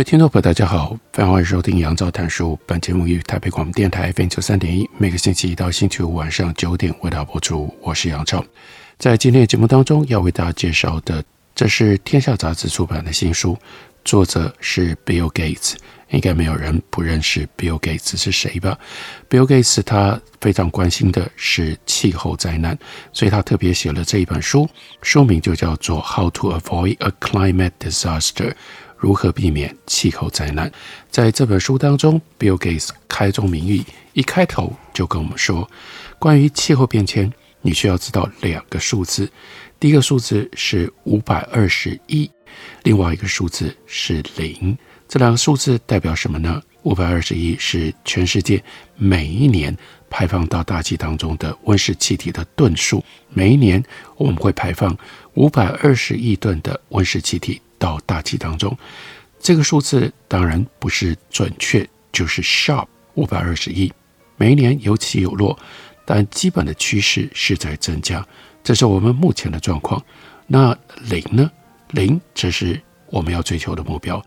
各位聽眾朋友，hey, ope, 大家好，歡迎收聽楊照談書。本節目於台北廣播電臺 FM 93.1，每個星期一到星期五晚上九點為大家播出。我是楊照。在今天的節目當中要為大家介紹的，這是天下雜誌出版的新書，作者是 Bill Gates。應該沒有人不認識 Bill Gates 是誰吧？Bill Gates 他非常關心的是氣候災難，所以他特別寫了這一本書，書名就叫做《How to Avoid a Climate Disaster》。如何避免氣候災難？在這本書當中，Bill Gates 開宗明義，一開頭就跟我們說，關於氣候變遷，你需要知道兩個數字。第一個數字是五百二十億，另外一個數字是零。這兩個數字代表什麼呢？五百二十億是全世界每一年排放到大氣當中的溫室氣體的噸數，每一年我們會排放五百二十億噸的溫室氣體。到大氣當中，這個數字當然不是準確，就是 sharp 五百二十億，每一年有起有落，但基本的趨勢是在增加，這是我們目前的狀況。那零呢？零則是我們要追求的目標。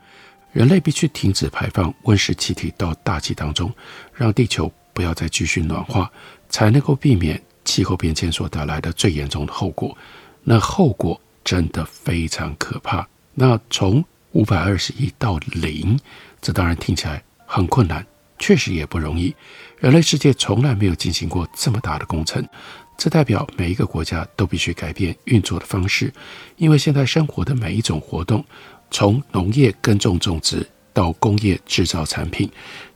人類必須停止排放溫室氣體到大氣當中，讓地球不要再繼續暖化，才能夠避免氣候變遷所帶來的最嚴重的後果。那後果真的非常可怕。那從五百二十一到零，這當然聽起來很困難，確實也不容易。人類世界從來沒有進行過這麼大的工程，這代表每一個國家都必須改變運作的方式，因為現在生活的每一種活動，從農業耕種種植到工業制造產品，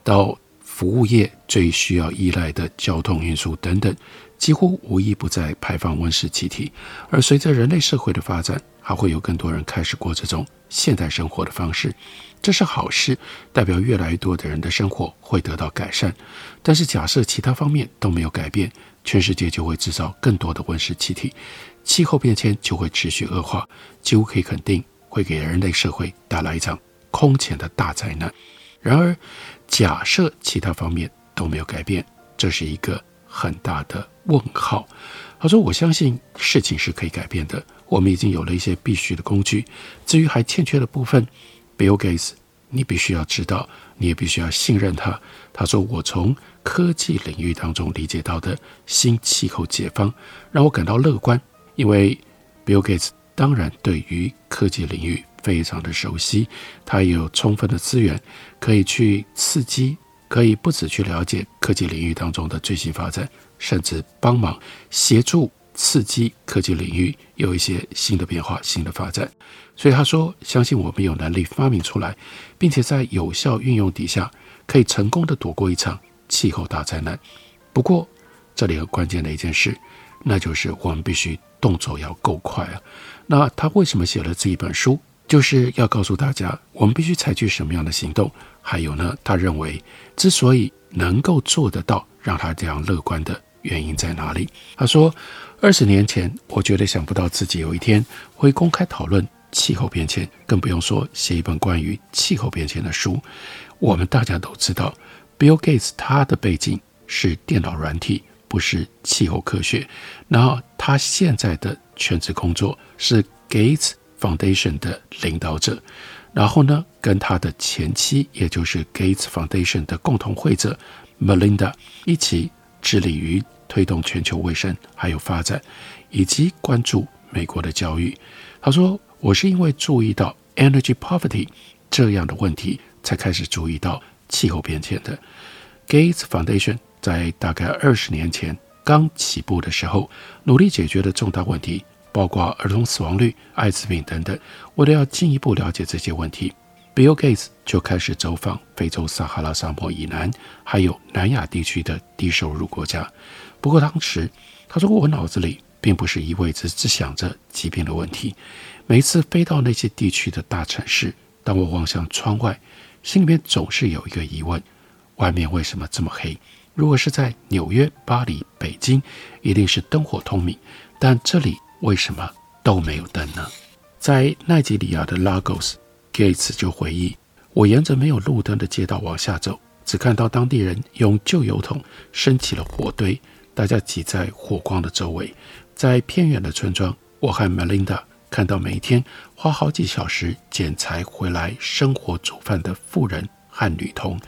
到服務業最需要依賴的交通運輸等等。幾乎無一不在排放溫室氣體，而隨着人類社會的發展，還會有更多人開始過這種現代生活的方式，這是好事，代表越來越多的人的生活會得到改善。但是假設其他方面都沒有改變，全世界就會制造更多的溫室氣體，氣候變遷就會持續惡化，幾乎可以肯定會給人類社會帶來一場空前的大災難。然而，假設其他方面都沒有改變，這是一個。很大的問號。他說：“我相信事情是可以改變的。我們已經有了一些必需的工具。至於還欠缺的部分，Bill Gates，你必須要知道，你也必須要信任他。”他說：“我從科技領域當中理解到的新氣候解方，讓我感到樂觀，因為 Bill Gates 當然對於科技領域非常的熟悉，他也有充分的資源可以去刺激。”可以不止去了解科技領域當中的最新發展，甚至幫忙協助刺激科技領域有一些新的變化、新的發展。所以他說，相信我們有能力發明出來，並且在有效運用底下，可以成功的躲過一場氣候大災難。不過，這裡很關鍵的一件事，那就是我們必須動作要夠快啊。那他為什麼寫了這一本書？就是要告訴大家，我們必須採取什麼樣的行動。還有呢？他認為，之所以能夠做得到，讓他這樣樂觀的原因在哪裡？他說，二十年前，我覺得想不到自己有一天會公開討論氣候變遷，更不用說寫一本關於氣候變遷的書。我們大家都知道，Bill Gates 他的背景是電腦軟體，不是氣候科學。然後他現在的全職工作是 Gates Foundation 的領導者。然後呢，跟他的前妻，也就是 Gates Foundation 的共同會者 Melinda 一起致力於推動全球衛生、還有發展，以及關注美國的教育。他說：“我是因為注意到 energy poverty 這樣的問題，才開始注意到氣候變遷的。Gates Foundation 在大概二十年前剛起步的時候，努力解決的重大問題。”包括兒童死亡率、艾滋病等等，為了要進一步了解這些問題，Bill Gates 就開始走訪非洲撒哈拉沙漠以南，還有南亞地區的低收入國家。不過當時他說我腦子裡並不是一味只只想着疾病的問題。每一次飛到那些地區的大城市，當我望向窗外，心裡面總是有一個疑問：外面為什麼這麼黑？如果是在紐約、巴黎、北京，一定是燈火通明，但這裡。為什麼都沒有燈呢？在奈及利亞的拉各斯，蓋茨就回憶：我沿着沒有路燈的街道往下走，只看到當地人用舊油桶升起了火堆，大家擠在火光的周圍。在偏遠的村莊，我和 Melinda 看到每天花好幾小時撿柴回來生火煮飯的婦人和女童，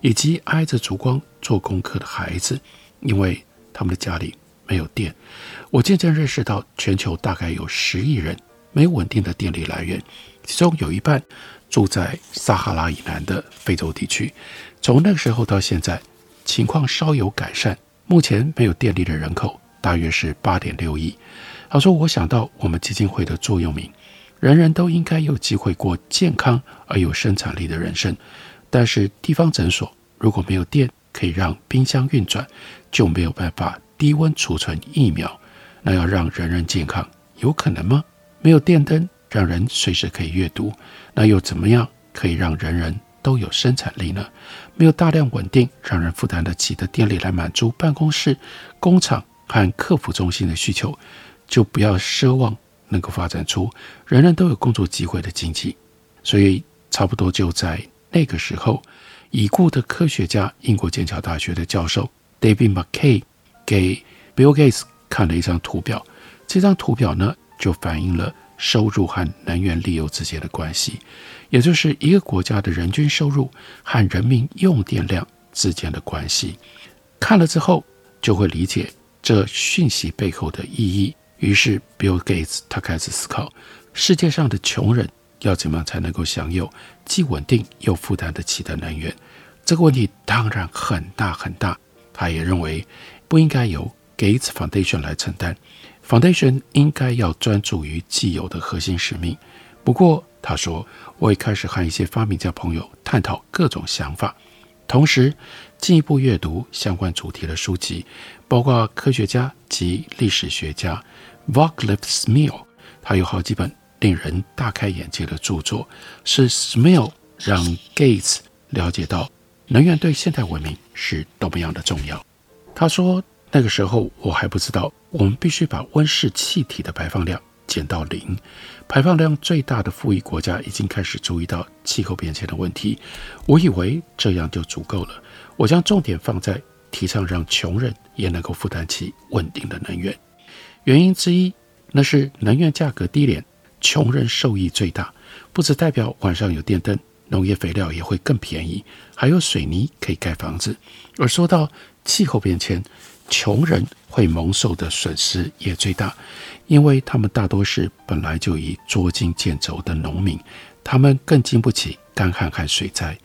以及挨着燭光做功課的孩子，因為他們的家裡。沒有電，我漸漸認識到，全球大概有十億人沒有穩定的電力來源，其中有一半住在撒哈拉以南的非洲地區。從那個時候到現在，情況稍有改善。目前沒有電力的人口大約是八點六億。他說：“我想到我們基金會的座右銘，人人都應該有機會過健康而有生產力的人生。但是地方診所如果沒有電，可以讓冰箱運轉，就沒有辦法。”低溫儲存疫苗，那要讓人人健康，有可能嗎？沒有電燈，讓人隨時可以閱讀，那又怎麼樣？可以讓人人都有生產力呢？沒有大量穩定、讓人負擔得起的電力來滿足辦公室、工廠和客服中心的需求，就不要奢望能夠發展出人人都有工作機會的經濟。所以，差不多就在那個時候，已故的科學家、英國劍橋大學的教授 David McKay。給 Bill Gates 看了一張圖表，這張圖表呢就反映了收入和能源利用之間的關係，也就是一個國家的人均收入和人民用電量之間的關係。看了之後就會理解這訊息背後的意義。於是 Bill Gates 他開始思考，世界上的窮人要怎麼樣才能夠享有既穩定又負擔得起的能源？這個問題當然很大很大，他也認為。.不應該由 Gates Foundation 來承擔，Foundation 應該要專注於既有的核心使命。不過，他說，我也開始和一些發明家朋友探討各種想法，同時進一步閱讀相關主題的書籍，包括科學家及歷史學家 Vaclav Smil。他有好幾本令人大開眼界的著作，是 Smil 讓 Gates 了解到能源對現代文明是多麼樣的重要。他說：“那個時候我還不知道，我們必須把溫室氣體的排放量減到零。排放量最大的富裕國家已經開始注意到氣候變遷的問題。我以為這樣就足夠了。我將重點放在提倡讓窮人也能夠負擔起穩定的能源。原因之一，那是能源價格低廉，窮人受益最大。不只代表晚上有電燈，農業肥料也會更便宜，還有水泥可以蓋房子。而說到……”氣候變遷，窮人會蒙受的損失也最大，因為他們大多是本來就已捉襟見肘的農民，他們更經不起乾旱和水災。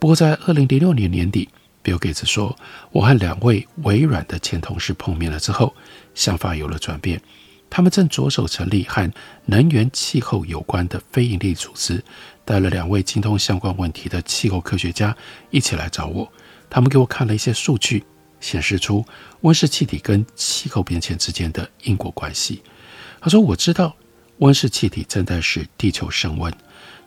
不過，在二零零六年年底，Bill Gates 說，我和兩位微軟的前同事碰面了之後，想法有了轉變。他們正着手成立和能源氣候有關的非營利組織，帶了兩位精通相關問題的氣候科學家一起來找我，他們給我看了一些數據。顯示出溫室氣體跟氣候變遷之間的因果關係。他說：“我知道溫室氣體正在使地球升溫，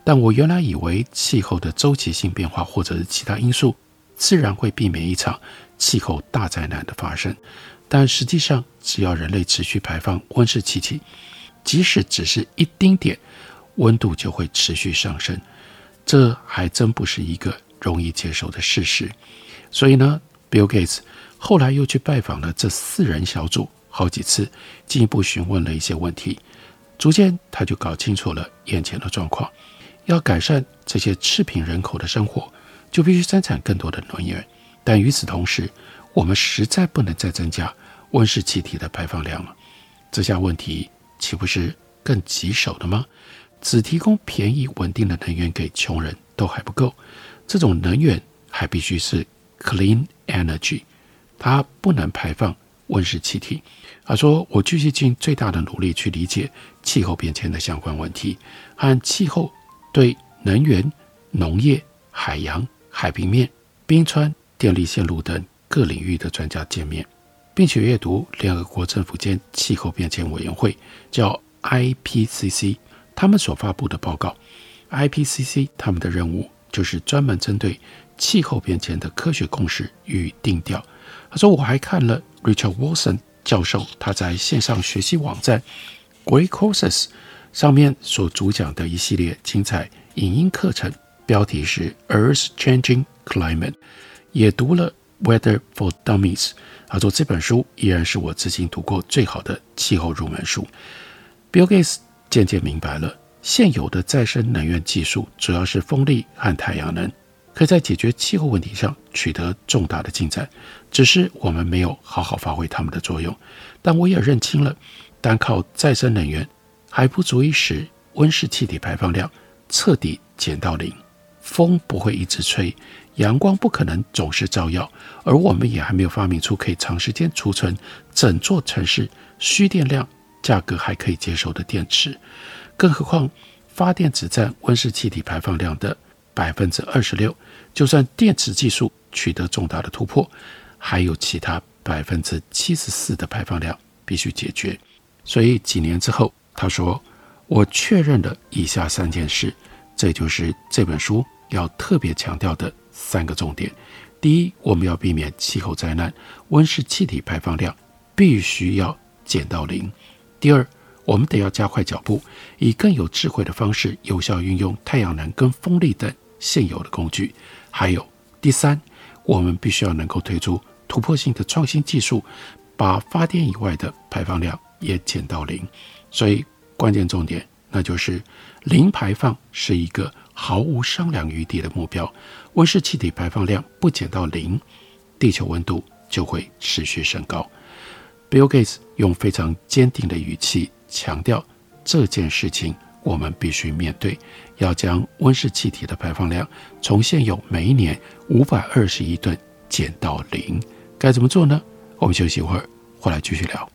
但我原來以為氣候的周期性變化或者是其他因素，自然會避免一場氣候大災難的發生。但實際上，只要人類持續排放溫室氣體，即使只是一丁點，溫度就會持續上升。這還真不是一個容易接受的事實。所以呢，Bill Gates。”後來又去拜訪了這四人小組好幾次，進一步詢問了一些問題，逐漸他就搞清楚了眼前的狀況。要改善這些赤貧人口的生活，就必須生產更多的能源。但與此同時，我們實在不能再增加溫室氣體的排放量了。這項問題豈不是更棘手的嗎？只提供便宜穩定的能源給窮人都還不夠，這種能源還必須是 clean energy。他不能排放溫室氣體。他說：“我繼續盡最大的努力去理解氣候變遷的相關問題，和氣候對能源、農業、海洋、海平面、冰川、電力線路等各領域的專家見面，並且閱讀聯合國政府間氣候變遷委員會（叫 IPCC） 他們所發布的報告。IPCC 他們的任務就是專門針對氣候變遷的科學共識予以定調。”他說：“我還看了 Richard Wilson 教授他在線上學習網站 Great Courses 上面所主講的一系列精彩影音課程，標題是 Earth Changing Climate，也讀了 Weather for Dummies。他說這本書依然是我至今讀過最好的氣候入門書。”Bill Gates 漸漸明白了，現有的再生能源技術主要是風力和太陽能。可以在解決氣候問題上取得重大的進展，只是我們沒有好好發揮它們的作用。但我也認清了，單靠再生能源還不足以使溫室氣體排放量徹底減到零。風不會一直吹，陽光不可能總是照耀，而我們也還沒有發明出可以長時間儲存整座城市需電量、價格還可以接受的電池。更何況，發電只佔溫室氣體排放量的。百分之二十六，就算電池技術取得重大的突破，還有其他百分之七十四的排放量必須解決。所以幾年之後，他說：“我確認了以下三件事，這就是這本書要特別強調的三個重點。第一，我們要避免氣候災難，溫室氣體排放量必須要減到零。第二，我們得要加快腳步，以更有智慧的方式，有效運用太陽能跟風力等。”現有的工具，還有第三，我們必須要能夠推出突破性的創新技術，把發電以外的排放量也減到零。所以關鍵重點，那就是零排放是一個毫無商量餘地的目標。溫室氣體排放量不減到零，地球溫度就會持續升高。Bill Gates 用非常堅定的語氣強調這件事情。我們必須面對，要將溫室氣體的排放量從現有每一年五百二十億噸減到零，該怎麼做呢？我們休息一會兒，回來繼續聊。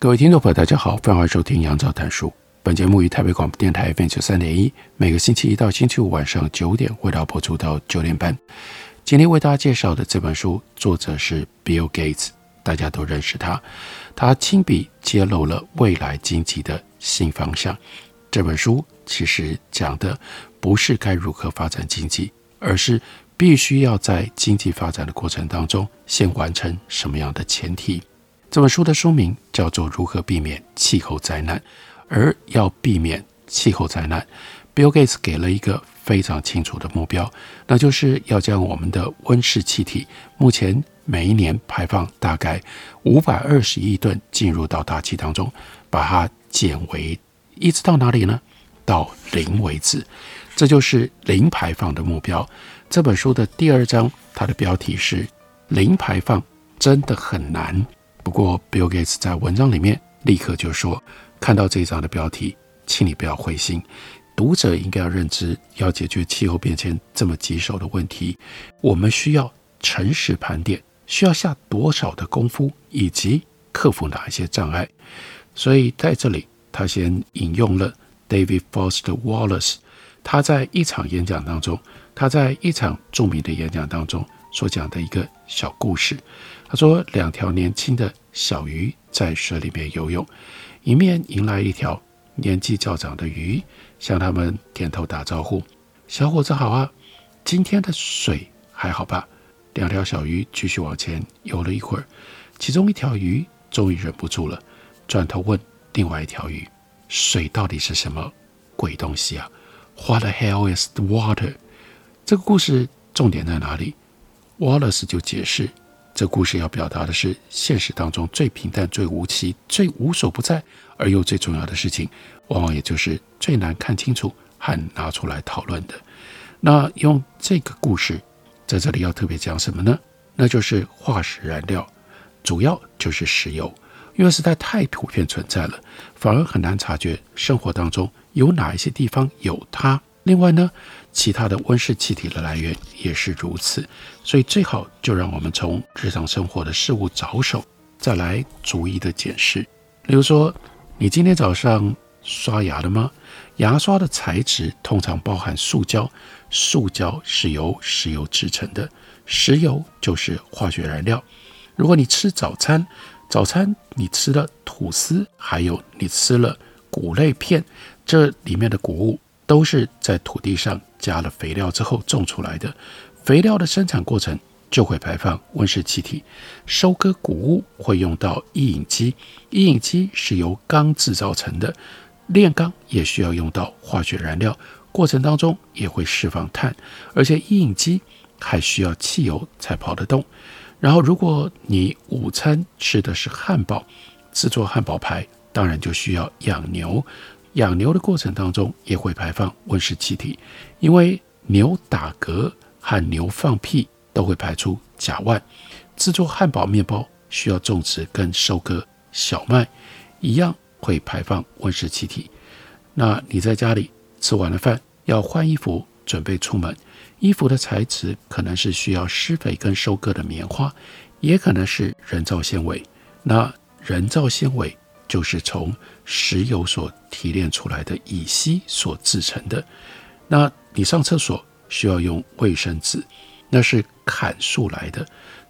各位聽眾朋友，大家好，歡迎收聽《楊照談書》。本節目於台北廣播電臺 FM 九三點一，每個星期一到星期五晚上九點會到播出到九點半。今天為大家介紹的這本書，作者是 Bill Gates，大家都認識他。他親筆揭露了未來經濟的新方向。這本書其實講的不是該如何發展經濟，而是必須要在經濟發展的過程當中，先完成什麼樣的前提。這本書的書名叫做《如何避免氣候災難》，而要避免氣候災難，Bill Gates 給了一個非常清楚的目標，那就是要將我們的溫室氣體目前每一年排放大概五百二十億噸進入到大氣當中，把它減為一直到哪裡呢？到零為止，這就是零排放的目標。這本書的第二章，它的標題是《零排放真的很難》。不過 Bill Gates 在文章裡面立刻就說：“看到這一章的標題，請你不要灰心。讀者應該要認知，要解決氣候變遷這麼棘手的問題，我們需要誠實盤點，需要下多少的功夫，以及克服哪一些障礙。”所以在這裡，他先引用了 David Foster Wallace，他在一場演講當中，他在一場著名的演講當中。所講的一個小故事，他說：“兩條年輕的小魚在水裡面游泳，迎面迎來一條年紀較長的魚，向他們點頭打招呼。小夥子好啊，今天的水還好吧？”兩條小魚繼續往前游了一會兒，其中一條魚終於忍不住了，轉頭問另外一條魚：“水到底是什麼鬼東西啊？”“What the hell is the water？” 這個故事重點在哪裡？Wallace 就解釋，這故事要表達的是現實當中最平淡、最無奇、最無所不在而又最重要的事情，往往也就是最難看清楚和拿出來討論的。那用這個故事在這裡要特別講什麼呢？那就是化石燃料，主要就是石油，因為實在太普遍存在了，反而很難察覺生活當中有哪一些地方有它。另外呢，其他的溫室氣體的來源也是如此，所以最好就讓我們從日常生活的事物着手，再來逐一的解釋。例如說，你今天早上刷牙了嗎？牙刷的材質通常包含塑膠，塑膠是由石油製成的，石油就是化學燃料。如果你吃早餐，早餐你吃了吐司，還有你吃了穀類片，這裡面的穀物。都是在土地上加了肥料之後種出來的，肥料的生產過程就會排放溫室氣體。收割谷物會用到曳引機，曳引機是由鋼制造成的，煉鋼也需要用到化學燃料，過程當中也會釋放碳，而且曳引機還需要汽油才跑得動。然後，如果你午餐吃的是漢堡，制作漢堡排當然就需要養牛。養牛的過程當中也會排放溫室氣體，因為牛打嗝和牛放屁都會排出甲烷。制作漢堡面包需要種植跟收割小麥，一樣會排放溫室氣體。那你在家裡吃完了飯，要換衣服準備出門，衣服的材質可能是需要施肥跟收割的棉花，也可能是人造纖維。那人造纖維。就是從石油所提煉出來的乙烯所製成的。那你上廁所需要用衛生紙，那是砍樹來的，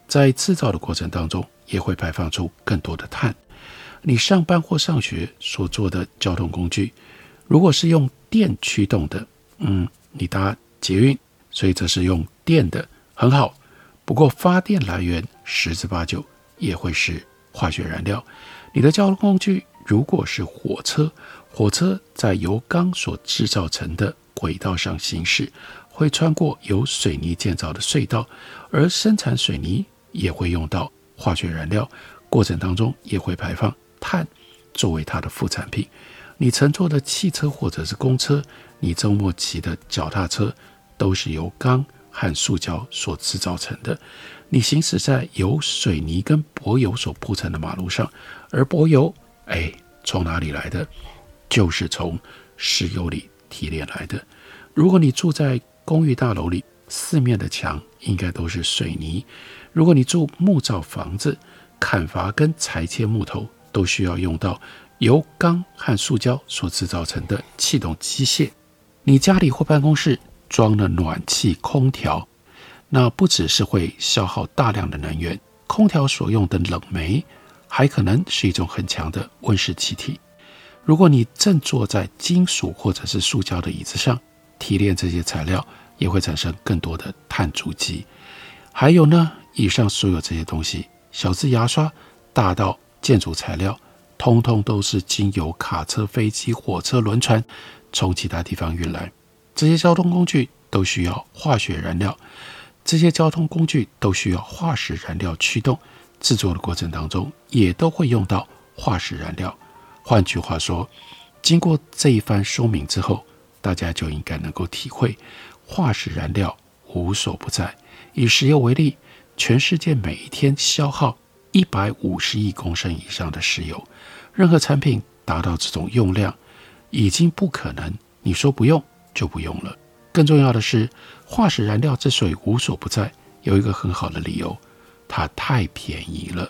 在製造的過程當中也會排放出更多的碳。你上班或上學所坐的交通工具，如果是用電驅動的，嗯，你搭捷運，所以這是用電的，很好。不過發電來源十之八九也會是化學燃料。你的交通工具如果是火車，火車在由鋼所製造成的軌道上行駛，會穿過由水泥建造的隧道，而生產水泥也會用到化學燃料，過程當中也會排放碳，作為它的副產品。你乘坐的汽車或者是公車，你周末騎的腳踏車，都是由鋼和塑膠所製造成的。你行駛在由水泥跟柏油所鋪成的馬路上，而柏油，哎，從哪裡來的？就是從石油裡提煉來的。如果你住在公寓大樓裡，四面的牆應該都是水泥。如果你住木造房子，砍伐跟裁切木頭都需要用到由鋼和塑膠所製造成的氣動機械。你家裡或辦公室裝了暖氣、空調。那不只是會消耗大量的能源，空調所用的冷媒還可能是一種很強的溫室氣體。如果你正坐在金屬或者是塑膠的椅子上，提煉這些材料也會產生更多的碳足跡。還有呢，以上所有這些東西，小至牙刷，大到建築材料，通通都是經由卡車、飛機、火車、輪船從其他地方運來。這些交通工具都需要化學燃料。這些交通工具都需要化石燃料驅動，製作的過程當中也都會用到化石燃料。換句話說，經過這一番說明之後，大家就應該能夠體會，化石燃料無所不在。以石油為例，全世界每一天消耗一百五十億公升以上的石油，任何產品達到這種用量，已經不可能。你說不用就不用了。更重要的是，化石燃料之所以無所不在，有一個很好的理由，它太便宜了。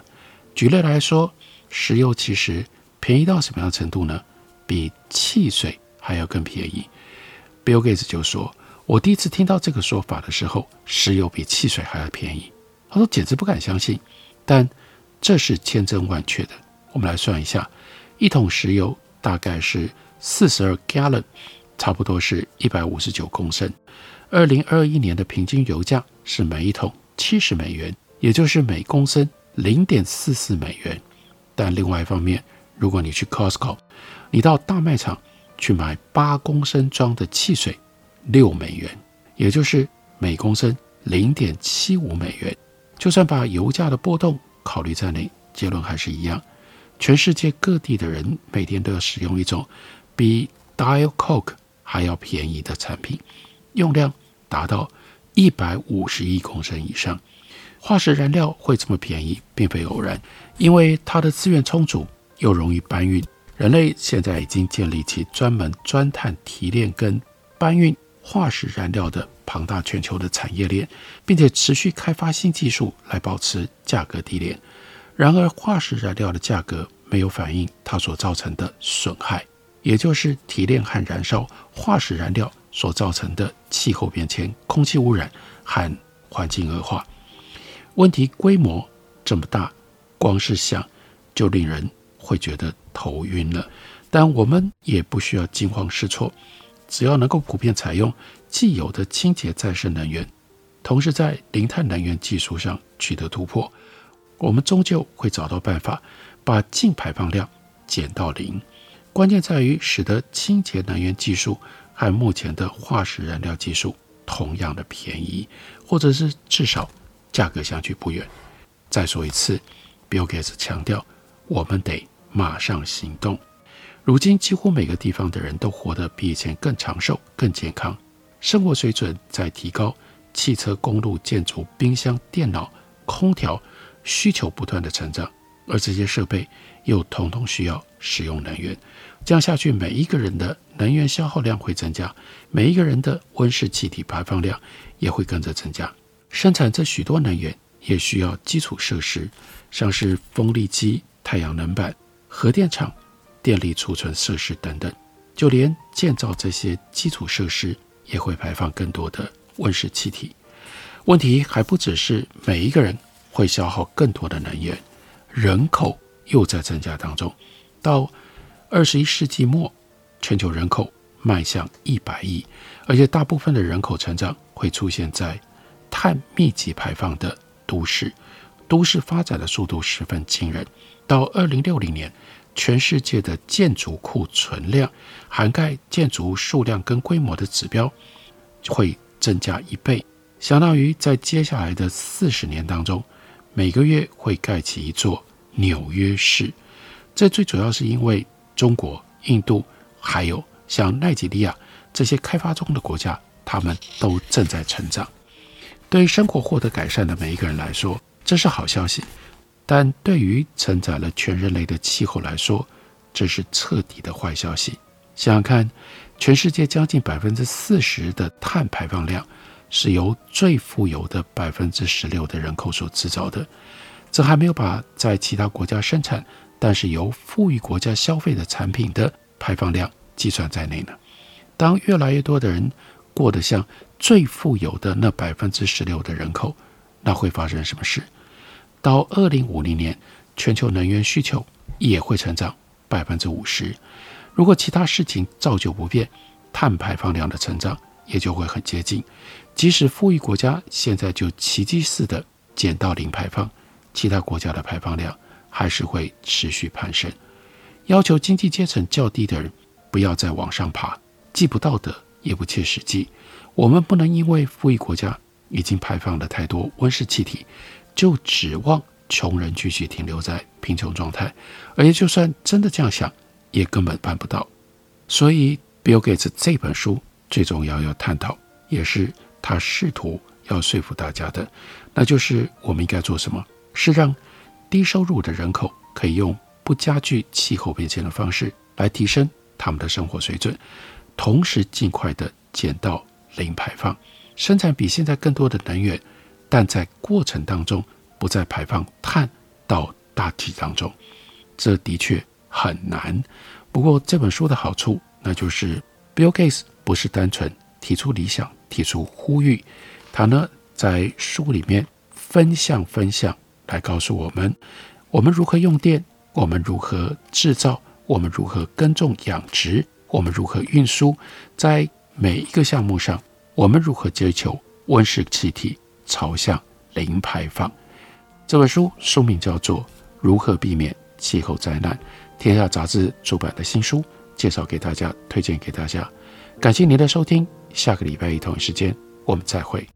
舉例來說，石油其實便宜到什麼樣程度呢？比汽水還要更便宜。Bill Gates 就說：“我第一次聽到這個說法的時候，石油比汽水還要便宜。”他說：“簡直不敢相信。”但這是千真萬確的。我們來算一下，一桶石油大概是四十二加侖，差不多是一百五十九公升，二零二一年的平均油價是每一桶七十美元，也就是每公升零點四四美元。但另外一方面，如果你去 Costco，你到大賣場去買八公升裝的汽水，六美元，也就是每公升零點七五美元。就算把油價的波動考慮在內，結論還是一樣：全世界各地的人每天都要使用一種比 Diet Coke 還要便宜的產品，用量達到一百五十億公升以上。化石燃料會這麼便宜，並非偶然，因為它的資源充足，又容易搬運。人類現在已經建立起專門鑽探、提煉跟搬運化石燃料的龐大全球的產業鏈，並且持續開發新技術來保持價格低廉。然而，化石燃料的價格沒有反映它所造成的損害。也就是提煉和燃燒化石燃料所造成的氣候變遷、空氣污染和環境惡化。問題規模這麼大，光是想就令人會覺得頭暈了。但我們也不需要驚慌失措，只要能夠普遍採用既有的清潔再生能源，同時在零碳能源技術上取得突破，我們終究會找到辦法，把淨排放量減到零。關鍵在於使得清潔能源技術和目前的化石燃料技術同樣的便宜，或者是至少價格相距不遠。再說一次，Bill Gates 強調，我們得馬上行動。如今幾乎每個地方的人都活得比以前更長壽、更健康，生活水準在提高，汽車、公路、建築、冰箱、電腦、空調需求不斷的成長，而這些設備。又統統需要使用能源，這樣下去，每一個人的能源消耗量會增加，每一個人的溫室氣體排放量也會跟着增加。生產這許多能源也需要基礎設施，像是風力機、太陽能板、核電廠、電力儲存設施等等。就連建造這些基礎設施也會排放更多的溫室氣體。問題還不只是每一個人會消耗更多的能源，人口。又在增加當中。到二十一世紀末，全球人口邁向一百億，而且大部分的人口成長會出現在碳密集排放的都市。都市發展的速度十分驚人。到二零六零年，全世界的建築庫存量（涵蓋建築數量跟規模的指標）會增加一倍，相當於在接下來的四十年當中，每個月會蓋起一座。紐約市，這最主要是因為中國、印度還有像奈及利亞這些開發中的國家，他們都正在成長。對於生活獲得改善的每一個人來說，這是好消息；但對於承載了全人類的氣候來說，這是徹底的壞消息。想想看，全世界將近百分之四十的碳排放量是由最富有的百分之十六的人口所製造的。這還沒有把在其他國家生產，但是由富裕國家消費的產品的排放量計算在內呢。當越來越多的人過得像最富有的那百分之十六的人口，那會發生什麼事？到二零五零年，全球能源需求也會成長百分之五十。如果其他事情照舊不變，碳排放量的成長也就會很接近。即使富裕國家現在就奇蹟似的減到零排放。其他國家的排放量還是會持續攀升，要求經濟階層較低的人不要再往上爬，既不道德也不切實際。我們不能因為富裕國家已經排放了太多溫室氣體，就指望窮人繼續停留在貧窮狀態。而且，就算真的這樣想，也根本辦不到。所以，Bill Gates 這本書最重要要探討，也是他試圖要說服大家的，那就是我們應該做什麼。是讓低收入的人口可以用不加劇氣候變遷的方式來提升他們的生活水準，同時盡快的減到零排放，生產比現在更多的能源，但在過程當中不再排放碳到大氣當中。這的確很難。不過這本書的好處，那就是 Bill Gates 不是單純提出理想、提出呼籲，他呢在書裡面分享分享。來告訴我們，我們如何用電，我們如何制造，我們如何耕種養殖，我們如何運輸，在每一個項目上，我們如何追求溫室氣體朝向零排放？這本書書名叫做《如何避免氣候災難》，天下雜誌出版的新書，介紹給大家，推薦給大家。感謝您的收聽，下個禮拜一同一時間我們再會。